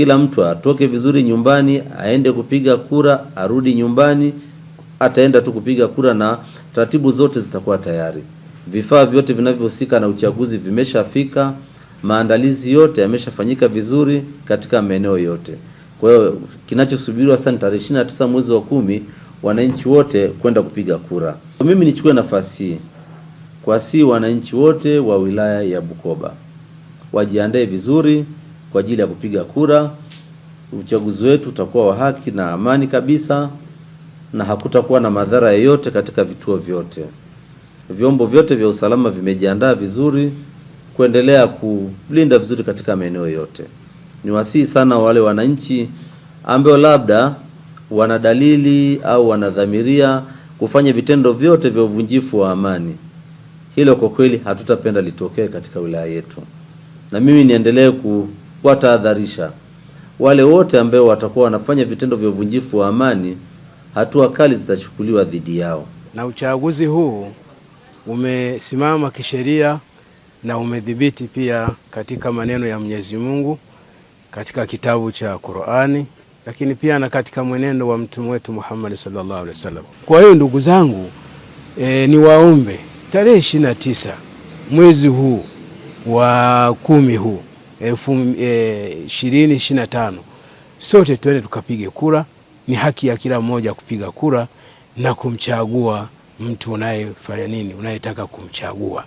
Kila mtu atoke vizuri nyumbani, aende kupiga kura, arudi nyumbani, ataenda tu kupiga kura na taratibu zote zitakuwa tayari. Vifaa vyote vinavyohusika na uchaguzi vimeshafika, maandalizi yote yameshafanyika vizuri katika maeneo yote. Kwa hiyo kinachosubiriwa sasa ni tarehe 29 mwezi wa kumi, wananchi wote kwenda kupiga kura. Mimi nichukue nafasi hii kwa si wananchi wote wa wilaya ya Bukoba wajiandae vizuri kwa ajili ya kupiga kura. Uchaguzi wetu utakuwa wa haki na amani kabisa, na hakutakuwa na madhara yoyote katika vituo vyote. Vyombo vyote vya usalama vimejiandaa vizuri kuendelea kulinda vizuri katika maeneo yote. Niwasihi sana wale wananchi ambao labda wana dalili au wanadhamiria kufanya vitendo vyote vya uvunjifu wa amani, hilo kwa kweli hatutapenda litokee katika wilaya yetu, na mimi niendelee ku watahadharisha wale wote ambao watakuwa wanafanya vitendo vya uvunjifu wa amani, hatua kali zitachukuliwa dhidi yao. Na uchaguzi huu umesimama kisheria na umedhibiti pia katika maneno ya Mwenyezi Mungu katika kitabu cha Qur'ani, lakini pia na katika mwenendo wa mtume wetu Muhammad sallallahu alaihi wasallam. Kwa hiyo ndugu zangu, e, ni waombe tarehe 29 mwezi huu wa kumi huu Eh, ishirini ishirini na tano sote tuende tukapige kura. Ni haki ya kila mmoja kupiga kura na kumchagua mtu unayefanya nini, unayetaka kumchagua.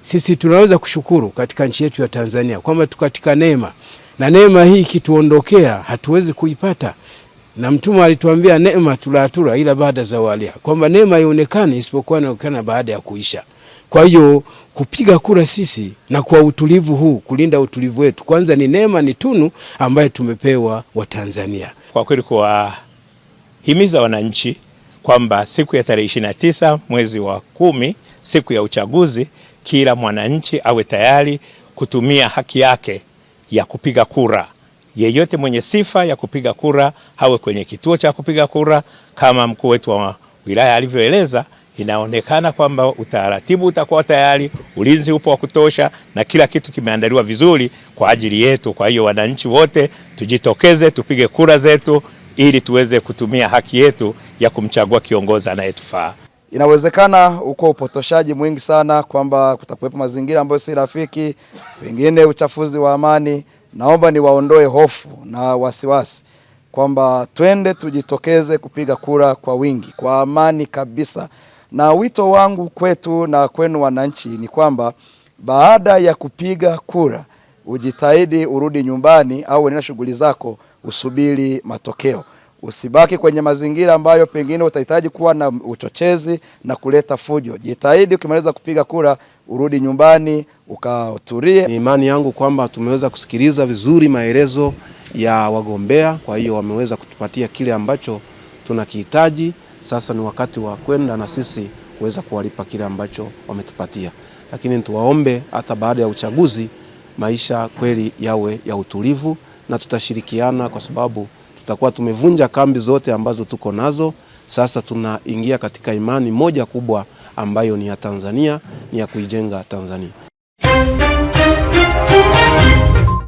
Sisi tunaweza kushukuru katika nchi yetu ya Tanzania kwamba tukatika neema, na neema hii ikituondokea hatuwezi kuipata na Mtume alituambia neema tulatura ila baada za walia kwamba neema ionekane isipokuwa inaonekana baada ya kuisha. Kwa hiyo kupiga kura sisi na kwa utulivu huu, kulinda utulivu wetu kwanza, ni neema, ni tunu ambayo tumepewa Watanzania. Kwa kweli kuwahimiza wananchi kwamba siku ya tarehe ishirini na tisa mwezi wa kumi, siku ya uchaguzi, kila mwananchi awe tayari kutumia haki yake ya kupiga kura. Yeyote mwenye sifa ya kupiga kura awe kwenye kituo cha kupiga kura kama mkuu wetu wa wilaya alivyoeleza inaonekana kwamba utaratibu utakuwa tayari, ulinzi upo wa kutosha, na kila kitu kimeandaliwa vizuri kwa ajili yetu. Kwa hiyo wananchi wote tujitokeze, tupige kura zetu ili tuweze kutumia haki yetu ya kumchagua kiongozi anayetufaa. Inawezekana uko upotoshaji mwingi sana kwamba kutakuwepo mazingira ambayo si rafiki, pengine uchafuzi wa amani. Naomba niwaondoe hofu na wasiwasi kwamba twende tujitokeze kupiga kura kwa wingi, kwa amani kabisa. Na wito wangu kwetu na kwenu wananchi ni kwamba baada ya kupiga kura ujitahidi urudi nyumbani au uendelee shughuli zako, usubiri matokeo. Usibaki kwenye mazingira ambayo pengine utahitaji kuwa na uchochezi na kuleta fujo. Jitahidi ukimaliza kupiga kura urudi nyumbani ukatulie. Ni imani yangu kwamba tumeweza kusikiliza vizuri maelezo ya wagombea, kwa hiyo wameweza kutupatia kile ambacho tunakihitaji. Sasa ni wakati wa kwenda na sisi kuweza kuwalipa kile ambacho wametupatia, lakini tuwaombe hata baada ya uchaguzi maisha kweli yawe ya utulivu, na tutashirikiana kwa sababu tutakuwa tumevunja kambi zote ambazo tuko nazo. Sasa tunaingia katika imani moja kubwa ambayo ni ya Tanzania, ni ya kuijenga Tanzania.